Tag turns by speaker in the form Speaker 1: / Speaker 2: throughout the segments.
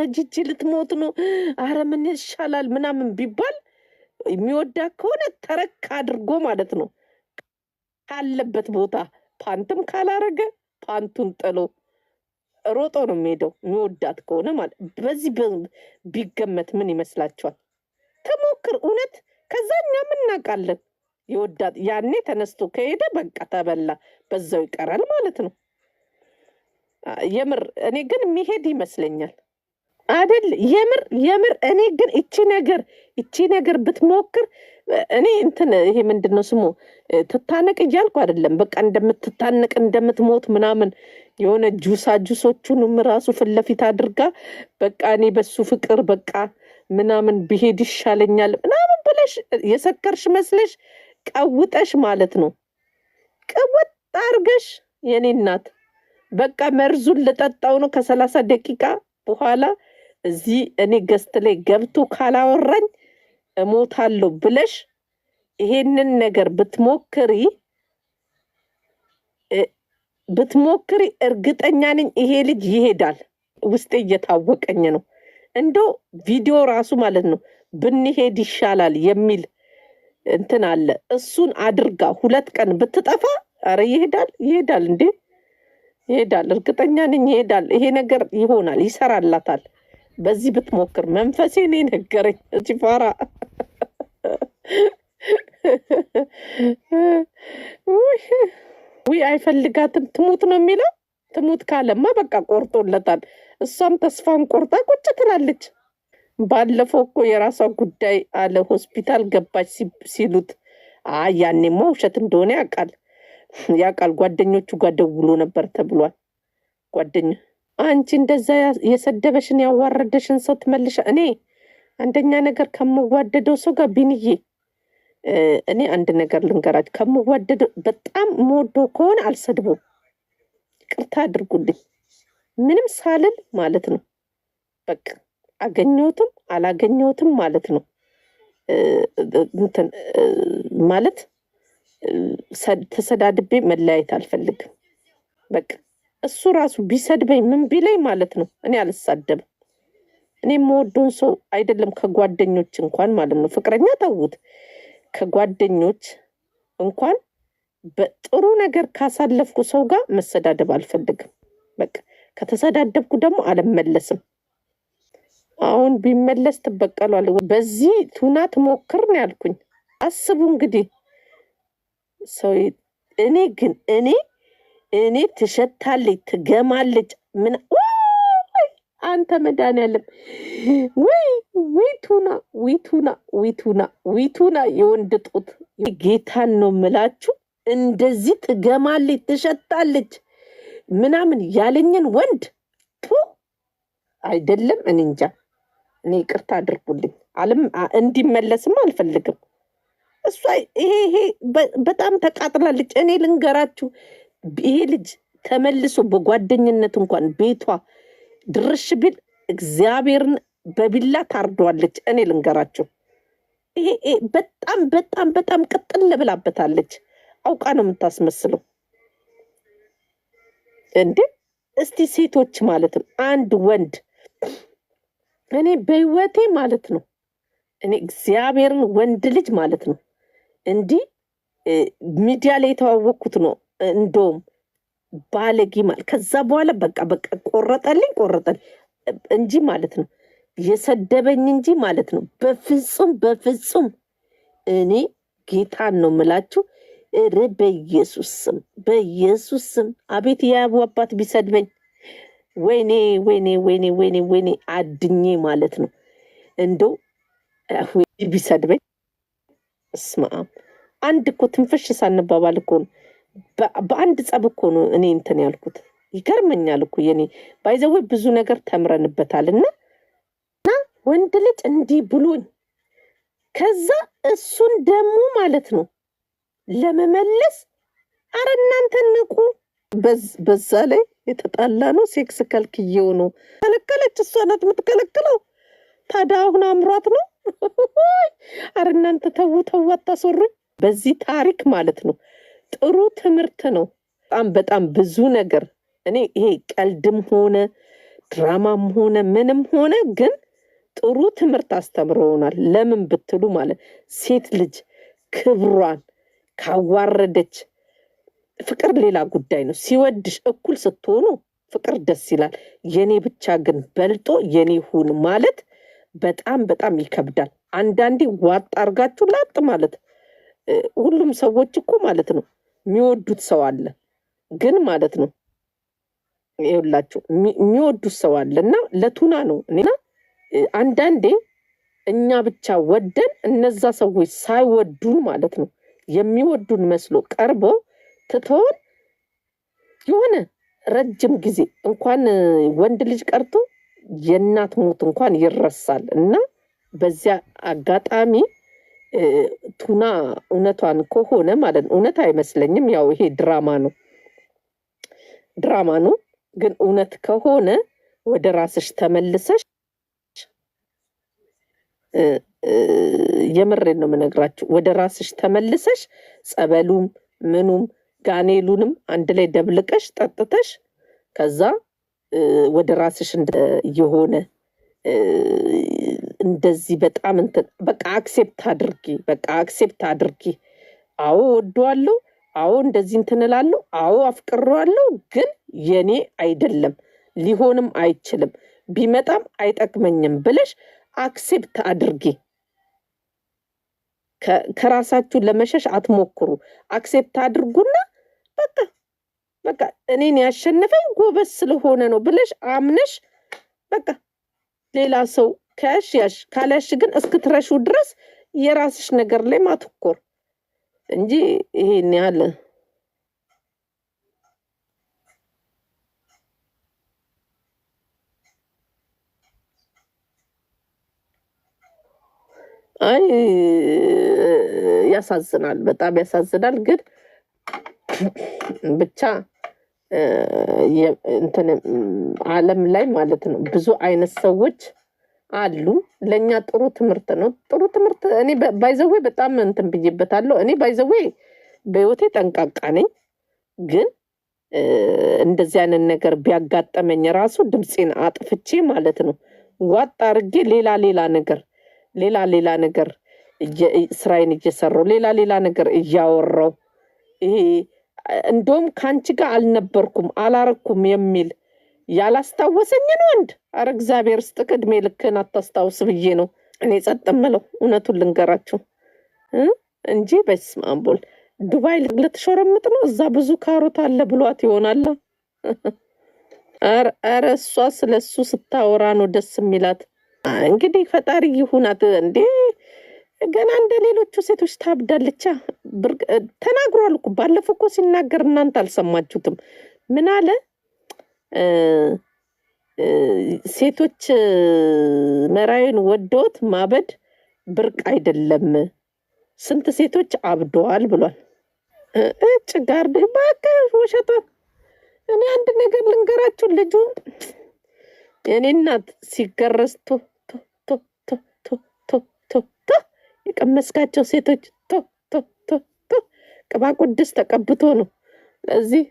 Speaker 1: ረጅቼ ጅጅ ልትሞት ነው፣ አረ ምን ይሻላል ምናምን ቢባል የሚወዳት ከሆነ ተረክ አድርጎ ማለት ነው ካለበት ቦታ ፓንትም ካላረገ ፓንቱን ጥሎ ሮጦ ነው የሚሄደው። የሚወዳት ከሆነ ማለት በዚህ ቢገመት ምን ይመስላችኋል? ተሞክር እውነት። ከዛ እኛ ምናውቃለን የወዳት ያኔ ተነስቶ ከሄደ በቃ ተበላ፣ በዛው ይቀራል ማለት ነው። የምር እኔ ግን የሚሄድ ይመስለኛል። አደል የምር የምር እኔ ግን እቺ ነገር እቺ ነገር ብትሞክር እኔ እንትን ይሄ ምንድን ነው ስሙ ትታነቅ እያልኩ አደለም። በቃ እንደምትታነቅ እንደምትሞት ምናምን የሆነ ጁሳ ጁሶቹንም ራሱ ፊት ለፊት አድርጋ በቃ እኔ በሱ ፍቅር በቃ ምናምን ብሄድ ይሻለኛል ምናምን ብለሽ የሰከርሽ መስለሽ ቀውጠሽ ማለት ነው። ቀወጥ አርገሽ የኔ እናት በቃ መርዙን ልጠጣው ነው ከሰላሳ ደቂቃ በኋላ እዚህ እኔ ገስት ላይ ገብቶ ካላወራኝ እሞታለሁ ብለሽ ይሄንን ነገር ብትሞክሪ ብትሞክሪ እርግጠኛ ነኝ ይሄ ልጅ ይሄዳል። ውስጤ እየታወቀኝ ነው። እንደው ቪዲዮ ራሱ ማለት ነው ብንሄድ ይሻላል የሚል እንትን አለ። እሱን አድርጋ ሁለት ቀን ብትጠፋ፣ አረ ይሄዳል፣ ይሄዳል፣ እንዴ ይሄዳል። እርግጠኛ ነኝ ይሄዳል። ይሄ ነገር ይሆናል፣ ይሰራላታል። በዚህ ብትሞክር መንፈሴ ኔ ነገረኝ። ፋራ ውይ አይፈልጋትም ትሙት ነው የሚለው። ትሙት ካለማ በቃ ቆርጦለታል። እሷም ተስፋን ቆርጣ ቁጭ ትላለች። ባለፈው እኮ የራሷ ጉዳይ አለ ሆስፒታል ገባች ሲሉት አይ ያኔማ ውሸት እንደሆነ ያውቃል ያውቃል ጓደኞቹ ጋር ደውሎ ነበር ተብሏል ጓደኛ አንቺ እንደዛ የሰደበሽን ያዋረደሽን ሰው ትመልሻ። እኔ አንደኛ ነገር ከምዋደደው ሰው ጋር ቢንዬ እኔ አንድ ነገር ልንገራች፣ ከምዋደደው በጣም ሞዶ ከሆነ አልሰድቦም። ቅርታ አድርጉልኝ ምንም ሳልል ማለት ነው። በቃ አገኘሁትም አላገኘሁትም ማለት ነው እንትን ማለት ተሰዳድቤ መለያየት አልፈልግም በቃ እሱ ራሱ ቢሰድበኝ ምን ቢለኝ ማለት ነው እኔ አልሳደብም። እኔ የምወደውን ሰው አይደለም ከጓደኞች እንኳን ማለት ነው ፍቅረኛ ተዉት፣ ከጓደኞች እንኳን በጥሩ ነገር ካሳለፍኩ ሰው ጋር መሰዳደብ አልፈልግም። በቃ ከተሰዳደብኩ ደግሞ አልመለስም። አሁን ቢመለስ ትበቀሏል። በዚህ ቱና ትሞክር ነው ያልኩኝ። አስቡ እንግዲህ ሰው እኔ ግን እኔ እኔ ትሸታለች፣ ትገማለች። ምን አንተ መድኃኒዓለም ወይ ዊቱና ዊቱና ዊቱና ዊቱና የወንድ ጡት ጌታን ነው ምላችሁ። እንደዚህ ትገማለች፣ ትሸታለች ምናምን ያለኝን ወንድ ቱ አይደለም። እኔ እንጃ እኔ ቅርታ አድርጉልኝ። አለም እንዲመለስም አልፈልግም። እሷ ይሄ ይሄ በጣም ተቃጥላለች። እኔ ልንገራችሁ ይሄ ልጅ ተመልሶ በጓደኝነት እንኳን ቤቷ ድርሽ ቢል እግዚአብሔርን በቢላ ታርደዋለች። እኔ ልንገራችሁ፣ ይሄ በጣም በጣም በጣም ቅጥል ብላበታለች። አውቃ ነው የምታስመስለው። እንዴ እስቲ ሴቶች ማለት ነው አንድ ወንድ እኔ በህይወቴ ማለት ነው እኔ እግዚአብሔርን ወንድ ልጅ ማለት ነው እንዲህ ሚዲያ ላይ የተዋወቅኩት ነው እንደውም ባለጌ ማለት ከዛ በኋላ በቃ በቃ ቆረጠልኝ ቆረጠልኝ እንጂ ማለት ነው የሰደበኝ እንጂ ማለት ነው። በፍጹም በፍጹም እኔ ጌታን ነው ምላችሁ። ኧረ በኢየሱስ ስም በኢየሱስ ስም አቤት የያቡ አባት ቢሰድበኝ ወይኔ ወይኔ ወይኔ ወይኔ ወይኔ አድኜ ማለት ነው እንደው ቢሰድበኝ እስማ አንድ እኮ ትንፍሽ ሳንባባል እኮ ነው በአንድ ጸብ እኮ ነው እኔ እንትን ያልኩት። ይገርመኛል እኮ የኔ ባይዘዌ ብዙ ነገር ተምረንበታል። እና እና ወንድ ልጅ እንዲህ ብሎኝ ከዛ እሱን ደግሞ ማለት ነው ለመመለስ አረ እናንተ ንቁ። በዛ ላይ የተጣላ ነው ሴክስ ከልክየው ነው ከለከለች። እሷ ናት የምትከለክለው። ታዲያ አሁን አምሯት ነው። አረ እናንተ ተዉ ተዉ፣ አታስወሩኝ በዚህ ታሪክ ማለት ነው። ጥሩ ትምህርት ነው። በጣም በጣም ብዙ ነገር እኔ ይሄ ቀልድም ሆነ ድራማም ሆነ ምንም ሆነ ግን ጥሩ ትምህርት አስተምረውናል። ለምን ብትሉ ማለት ሴት ልጅ ክብሯን ካዋረደች ፍቅር ሌላ ጉዳይ ነው። ሲወድሽ እኩል ስትሆኑ ፍቅር ደስ ይላል። የኔ ብቻ ግን በልጦ የኔ ሁን ማለት በጣም በጣም ይከብዳል። አንዳንዴ ዋጥ አርጋችሁ ላጥ ማለት ሁሉም ሰዎች እኮ ማለት ነው የሚወዱት ሰው አለ ግን ማለት ነው ይኸውላቸው የሚወዱት ሰው አለ እና ለቱና ነው እና አንዳንዴ እኛ ብቻ ወደን እነዛ ሰዎች ሳይወዱን ማለት ነው የሚወዱን መስሎ ቀርቦ ትቶን የሆነ ረጅም ጊዜ እንኳን ወንድ ልጅ ቀርቶ የእናት ሞት እንኳን ይረሳል እና በዚያ አጋጣሚ ቱና እውነቷን ከሆነ ማለት ነው። እውነት አይመስለኝም። ያው ይሄ ድራማ ነው ድራማ ነው። ግን እውነት ከሆነ ወደ ራስሽ ተመልሰሽ የምሬን ነው የምነግራችሁ። ወደ ራስሽ ተመልሰሽ ጸበሉም ምኑም ጋኔሉንም አንድ ላይ ደብልቀሽ ጠጥተሽ ከዛ ወደ ራስሽ የሆነ እንደዚህ በጣም እንትን በቃ አክሴፕት አድርጊ፣ በቃ አክሴፕት አድርጊ። አዎ ወደዋለሁ፣ አዎ እንደዚህ እንትን እላለሁ፣ አዎ አፍቅረዋለሁ፣ ግን የኔ አይደለም፣ ሊሆንም አይችልም፣ ቢመጣም አይጠቅመኝም ብለሽ አክሴፕት አድርጊ። ከራሳችሁ ለመሸሽ አትሞክሩ። አክሴፕት አድርጉና በቃ በቃ እኔን ያሸነፈኝ ጎበዝ ስለሆነ ነው ብለሽ አምነሽ በቃ ሌላ ሰው ከያሽ ያሽ ካልያሽ ግን እስክትረሹ ድረስ የራስሽ ነገር ላይ ማትኮር እንጂ ይሄን ያለ አይ ያሳዝናል፣ በጣም ያሳዝናል። ግን ብቻ ዓለም ላይ ማለት ነው ብዙ አይነት ሰዎች አሉ። ለእኛ ጥሩ ትምህርት ነው። ጥሩ ትምህርት እኔ ባይዘዌ በጣም እንትን ብዬበታለሁ። እኔ ባይዘዌ በህይወቴ ጠንቃቃ ነኝ፣ ግን እንደዚህ አይነት ነገር ቢያጋጠመኝ ራሱ ድምፄን አጥፍቼ ማለት ነው ዋጥ አድርጌ ሌላ ሌላ ነገር ሌላ ሌላ ነገር ስራዬን እየሰራው ሌላ ሌላ ነገር እያወራው ይሄ እንደውም ከአንቺ ጋር አልነበርኩም አላረኩም የሚል ያላስታወሰኝን ወንድ አረ እግዚአብሔር ስጥክ እድሜ ልክህን አታስታውስ ብዬ ነው እኔ ጸጥ ምለው እውነቱን ልንገራችሁ እንጂ በስመ አብ ዱባይ ልትሸረምጥ ነው። እዛ ብዙ ካሮት አለ ብሏት ይሆናል። አረ እሷ ስለ እሱ ስታወራ ነው ደስ የሚላት። እንግዲህ ፈጣሪ ይሁናት እንዴ ገና እንደ ሌሎቹ ሴቶች ታብዳለቻ። ተናግሯል እኮ ባለፈው እኮ ሲናገር እናንተ አልሰማችሁትም? ምን አለ? ሴቶች መራዊን ወደውት ማበድ ብርቅ አይደለም፣ ስንት ሴቶች አብደዋል ብሏል። እጭ ጋር እባክህ ውሸቷ። እኔ አንድ ነገር ልንገራችሁ፣ ልጁ የኔ እናት ሲገረስቱ የቀመስካቸው ሴቶች ቶ ቶ ቶ ቶ ቅባ ቅዱስ ተቀብቶ ነው። ስለዚህ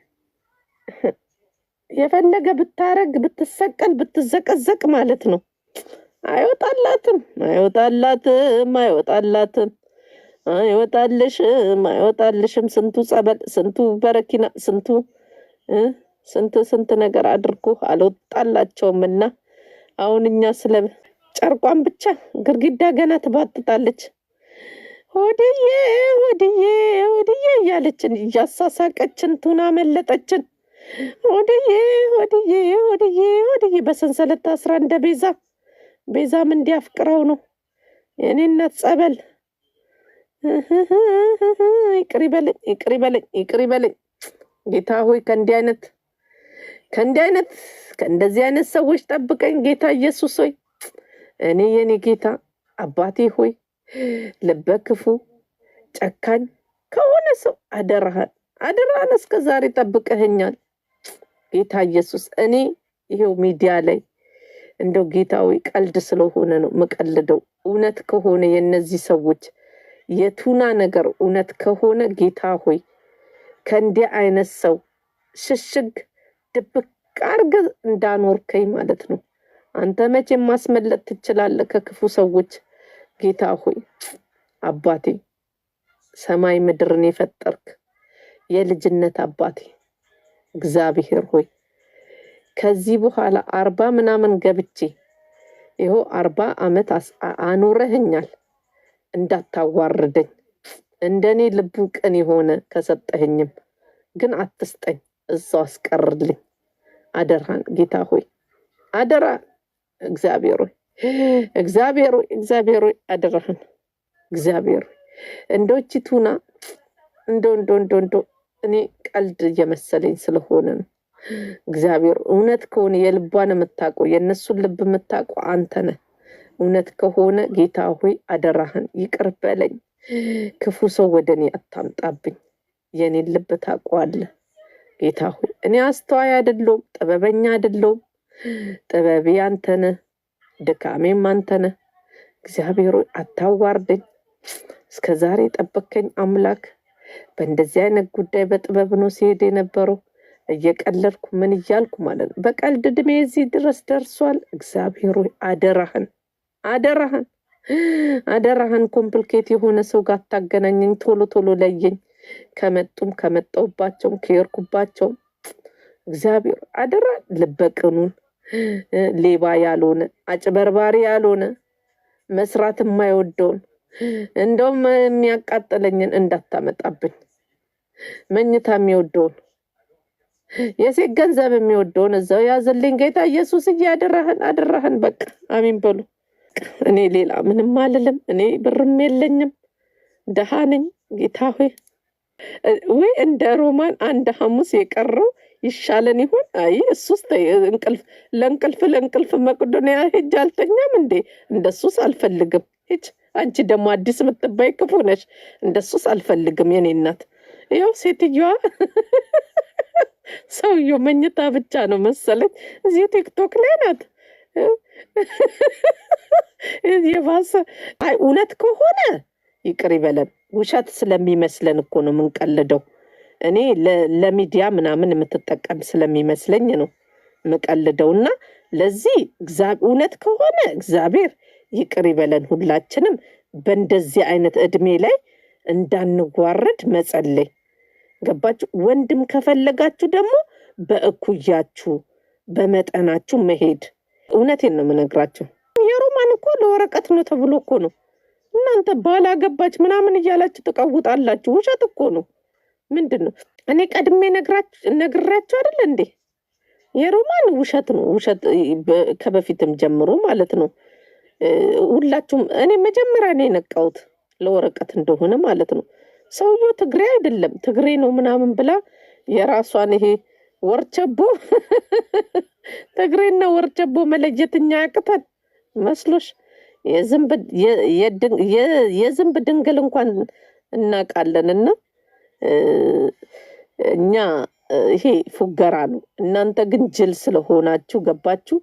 Speaker 1: የፈለገ ብታረግ ብትሰቀል ብትዘቀዘቅ ማለት ነው አይወጣላትም፣ አይወጣላትም፣ አይወጣላትም፣ አይወጣልሽም፣ አይወጣልሽም። ስንቱ ጸበል፣ ስንቱ በረኪና፣ ስንቱ ስንት ስንት ነገር አድርጎ አልወጣላቸውም እና አሁን እኛ ስለ ጨርቋን ብቻ ግድግዳ ገና ትባጥጣለች? ሆድዬ ሆድዬ ሆድዬ እያለችን እያሳሳቀችን ቱና መለጠችን። ሆድዬ ሆድዬ ሆድዬ ሆድዬ በሰንሰለት አስራ እንደ ቤዛ ቤዛም እንዲያፍቅረው ነው የኔ እናት ጸበል። ይቅር ይበለኝ ይቅር ይበለኝ ይቅር ይበለኝ ጌታ ሆይ ከእንዲህ አይነት ከእንዲህ አይነት ከእንደዚህ አይነት ሰዎች ጠብቀኝ ጌታ ኢየሱስ ሆይ እኔ የኔ ጌታ አባቴ ሆይ ልበ ክፉ ጨካኝ ከሆነ ሰው አደራህን አደራህን እስከ ዛሬ ጠብቀህኛል ጌታ ኢየሱስ። እኔ ይሄው ሚዲያ ላይ እንደው ጌታዊ ቀልድ ስለሆነ ነው የምቀልደው። እውነት ከሆነ የእነዚህ ሰዎች የቱና ነገር እውነት ከሆነ ጌታ ሆይ ከእንዲህ አይነት ሰው ሽሽግ ድብቅ አድርገህ እንዳኖርከኝ ማለት ነው። አንተ መቼም ማስመለጥ ትችላለህ ከክፉ ሰዎች። ጌታ ሆይ አባቴ ሰማይ ምድርን የፈጠርክ የልጅነት አባቴ እግዚአብሔር ሆይ ከዚህ በኋላ አርባ ምናምን ገብቼ ይሆ አርባ ዓመት አኑረህኛል። እንዳታዋርደኝ እንደኔ ልቡ ቅን የሆነ ከሰጠህኝም ግን አትስጠኝ፣ እዛው አስቀርልኝ። አደራን ጌታ ሆይ አደራ እግዚአብሔር ሆይ እግዚአብሔር ሆይ እግዚአብሔር ሆይ አደራህን እግዚአብሔር ሆይ ቱና እንዶ እንዶ እንዶ እንዶ እኔ ቀልድ እየመሰለኝ ስለሆነ ነው። እግዚአብሔር እውነት ከሆነ የልቧን የምታውቀው የእነሱን ልብ የምታውቀው አንተ ነህ። እውነት ከሆነ ጌታ ሆይ አደራህን ይቅር በለኝ። ክፉ ሰው ወደ እኔ አታምጣብኝ። የእኔን ልብ ታውቀዋለህ ጌታ ሆይ። እኔ አስተዋይ አይደለሁም፣ ጥበበኛ አይደለሁም። ጥበቤ አንተ ነህ። ድካሜም አንተ ነህ። እግዚአብሔር አታዋርደኝ። እስከ ዛሬ ጠበከኝ አምላክ። በእንደዚህ አይነት ጉዳይ በጥበብ ነው ሲሄድ የነበረው። እየቀለድኩ ምን እያልኩ ማለት ነው። በቀልድ ድድሜ እዚህ ድረስ ደርሷል። እግዚአብሔር አደራህን፣ አደራህን፣ አደራህን ኮምፕሊኬት የሆነ ሰው ጋር አታገናኘኝ። ቶሎ ቶሎ ለየኝ። ከመጡም ከመጣውባቸውም ከሄድኩባቸውም እግዚአብሔር አደራ ልበቅኑን ሌባ ያልሆነ አጭበርባሪ ያልሆነ መስራት የማይወደውን እንደውም የሚያቃጥለኝን እንዳታመጣብኝ መኝታ የሚወደውን የሴት ገንዘብ የሚወደውን እዛው ያዝልኝ ጌታ ኢየሱስ እያደረህን አደራህን። በቃ አሚን በሉ። እኔ ሌላ ምንም አልልም። እኔ ብርም የለኝም፣ ደሃ ነኝ። ጌታ ሆይ ወይ እንደ ሮማን አንድ ሐሙስ የቀረው ይሻለን ይሆን? አይ እሱስ እንቅልፍ ለእንቅልፍ ለእንቅልፍ መቅዶኒያ ሄጅ አልተኛም እንዴ? እንደሱስ አልፈልግም። ሄጅ አንቺ ደግሞ አዲስ የምትባይ ክፉ ነሽ። እንደሱስ አልፈልግም የኔ እናት። ይኸው ሴትዮዋ ሰውየው መኝታ ብቻ ነው መሰለኝ እዚህ ቲክቶክ ላይ ናት። የባሰ እውነት ከሆነ ይቅር ይበለን። ውሸት ስለሚመስለን እኮ ነው የምንቀልደው። እኔ ለሚዲያ ምናምን የምትጠቀም ስለሚመስለኝ ነው የምቀልደውና ለዚህ እውነት ከሆነ እግዚአብሔር ይቅር ይበለን ሁላችንም። በእንደዚህ አይነት እድሜ ላይ እንዳንዋረድ መጸለይ ገባችሁ። ወንድም ከፈለጋችሁ ደግሞ በእኩያችሁ በመጠናችሁ መሄድ። እውነቴን ነው የምነግራችሁ። የሮማን እኮ ለወረቀት ነው ተብሎ እኮ ነው። እናንተ ባላገባች ምናምን እያላችሁ ትቀውጣላችሁ። ውሸት እኮ ነው። ምንድን ነው? እኔ ቀድሜ ነግራችሁ አይደል እንዴ? የሮማን ውሸት ነው ውሸት ከበፊትም ጀምሮ ማለት ነው። ሁላችሁም እኔ መጀመሪያ ነው የነቃሁት ለወረቀት እንደሆነ ማለት ነው። ሰውየው ትግሬ አይደለም ትግሬ ነው ምናምን ብላ የራሷን ይሄ ወርቸቦ ትግሬና ወርቸቦ መለየትኛ ያቅታል መስሎሽ? የዝንብ ድንግል እንኳን እናውቃለን እና እኛ ይሄ ፉገራ ነው። እናንተ ግን ጅል ስለሆናችሁ ገባችሁ።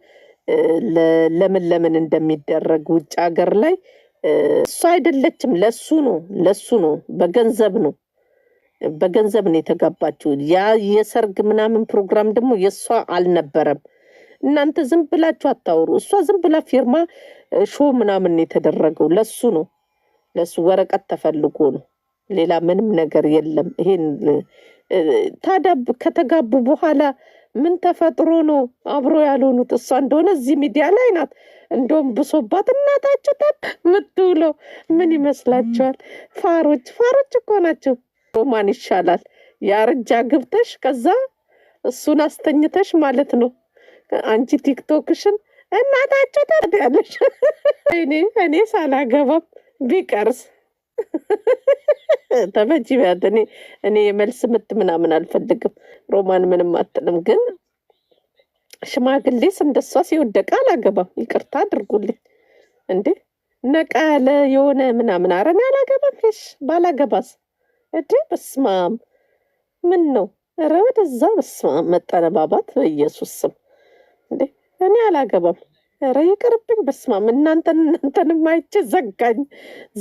Speaker 1: ለምን ለምን እንደሚደረግ ውጭ ሀገር ላይ እሱ አይደለችም፣ ለሱ ነው ለሱ ነው፣ በገንዘብ ነው በገንዘብ ነው የተጋባችሁ። ያ የሰርግ ምናምን ፕሮግራም ደግሞ የእሷ አልነበረም። እናንተ ዝም ብላችሁ አታውሩ። እሷ ዝም ብላ ፊርማ ሾ ምናምን የተደረገው ለሱ ነው፣ ለሱ ወረቀት ተፈልጎ ነው። ሌላ ምንም ነገር የለም። ይሄን ታዳብ ከተጋቡ በኋላ ምን ተፈጥሮ ነው አብሮ ያልሆኑት? እሷ እንደሆነ እዚህ ሚዲያ ላይ ናት፣ እንደውም ብሶባት እናታችሁ ጠብ ምትውለው ምን ይመስላችኋል? ፋሮች ፋሮች እኮ ናቸው። ሮማን ይሻላል የአርጃ ግብተሽ ከዛ እሱን አስተኝተሽ ማለት ነው። አንቺ ቲክቶክሽን እናታችሁ ጠብ ያለሽ እኔ እኔ ሳላገባም ቢቀርስ ተመችቢያት። እኔ እኔ የመልስ ምት ምናምን አልፈልግም። ሮማን ምንም አትልም፣ ግን ሽማግሌስ እንደሷ ሲወደቀ አላገባም። ይቅርታ አድርጉልኝ እንዴ ነቃ ያለ የሆነ ምናምን አረን አላገባም። ሽ ባላገባስ እዴ በስማም ምን ነው ረ ወደዛ በስማም መጠነባባት በኢየሱስ ስም እንዴ እኔ አላገባም ኧረ ይቅርብኝ። በስመ አብ እናንተን እናንተንም አይቼ ዘጋኝ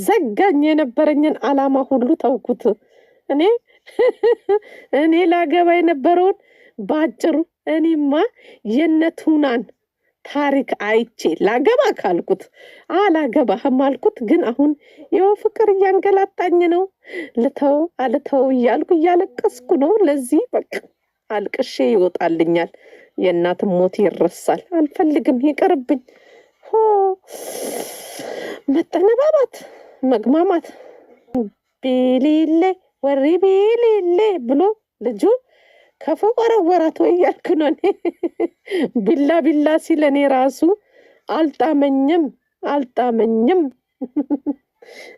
Speaker 1: ዘጋኝ። የነበረኝን አላማ ሁሉ ተውኩት። እኔ እኔ ላገባ የነበረውን በአጭሩ እኔማ የነቱናን ታሪክ አይቼ ላገባ ካልኩት አላገባህም አልኩት። ግን አሁን ይኸው ፍቅር እያንገላጣኝ ነው። ልተው አልተው እያልኩ እያለቀስኩ ነው። ለዚህ በቃ አልቅሼ ይወጣልኛል። የእናትም ሞት ይረሳል። አልፈልግም፣ ይቅርብኝ። መጠነባባት፣ መግማማት ቤሌሌ ወሬ ቤሌሌ ብሎ ልጁ ከፎቅ ወረወራት ወይ እያልክ ነው። እኔ ቢላ ቢላ ሲል እኔ ራሱ አልጣመኝም አልጣመኝም።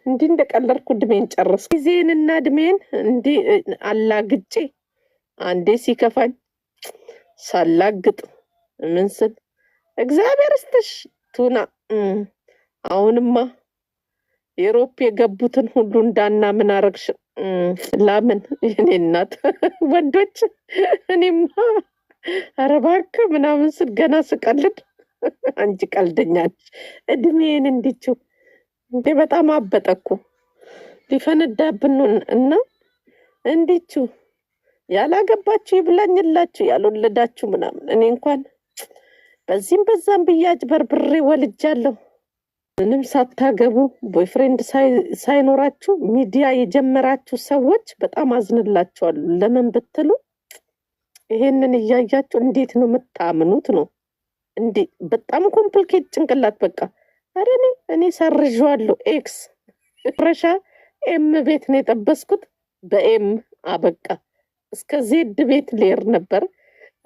Speaker 1: እንዲህ እንደቀለርኩ ድሜን ጨርስ ጊዜንና ድሜን እንዲህ አላግጬ አንዴ ሲከፋኝ ሳላግጥ ምን ስል እግዚአብሔር ስትሽ ቱና አሁንማ ኤሮፕ የገቡትን ሁሉ ምን አረግሽ። ላምን የኔ እናት ወንዶች እኔማ ኧረ ምናምን ስል ገና ስቀልድ አንቺ ቀልደኛች እድሜን እንዲችው እንዴ በጣም አበጠኩ ሊፈነዳብን እና እንዲችው ያላገባችሁ ይብላኝላችሁ፣ ያልወለዳችሁ ምናምን። እኔ እንኳን በዚህም በዛም ብያጅ በርብሬ ወልጃለሁ። ምንም ሳታገቡ ቦይፍሬንድ ሳይኖራችሁ ሚዲያ የጀመራችሁ ሰዎች በጣም አዝንላችኋሉ። ለምን ብትሉ ይሄንን እያያችሁ እንዴት ነው የምታምኑት? ነው እንዴ? በጣም ኮምፕሊኬት ጭንቅላት በቃ። አረ እኔ እኔ ሰርዣለሁ። ኤክስ ፍረሻ ኤም ቤት ነው የጠበስኩት፣ በኤም አበቃ። እስከ ዜድ ቤት ሌር ነበር፣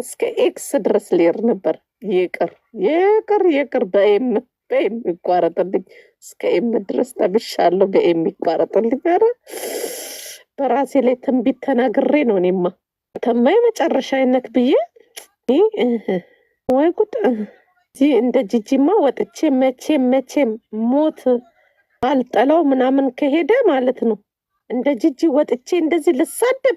Speaker 1: እስከ ኤክስ ድረስ ሌር ነበር። ይቅር ይቅር ይቅር፣ በኤም በኤም ይቋረጥልኝ። እስከ ኤም ድረስ ጠብሻለሁ፣ በኤም ይቋረጥልኝ። ኧረ በራሴ ላይ ትንቢት ተናግሬ ነው እኔማ ተማ የመጨረሻ አይነት ብዬ ወይ ጉድ! እንደ ጅጅማ ወጥቼ መቼም መቼም ሞት አልጠላው ምናምን ከሄደ ማለት ነው እንደ ጅጅ ወጥቼ እንደዚህ ልሳደብ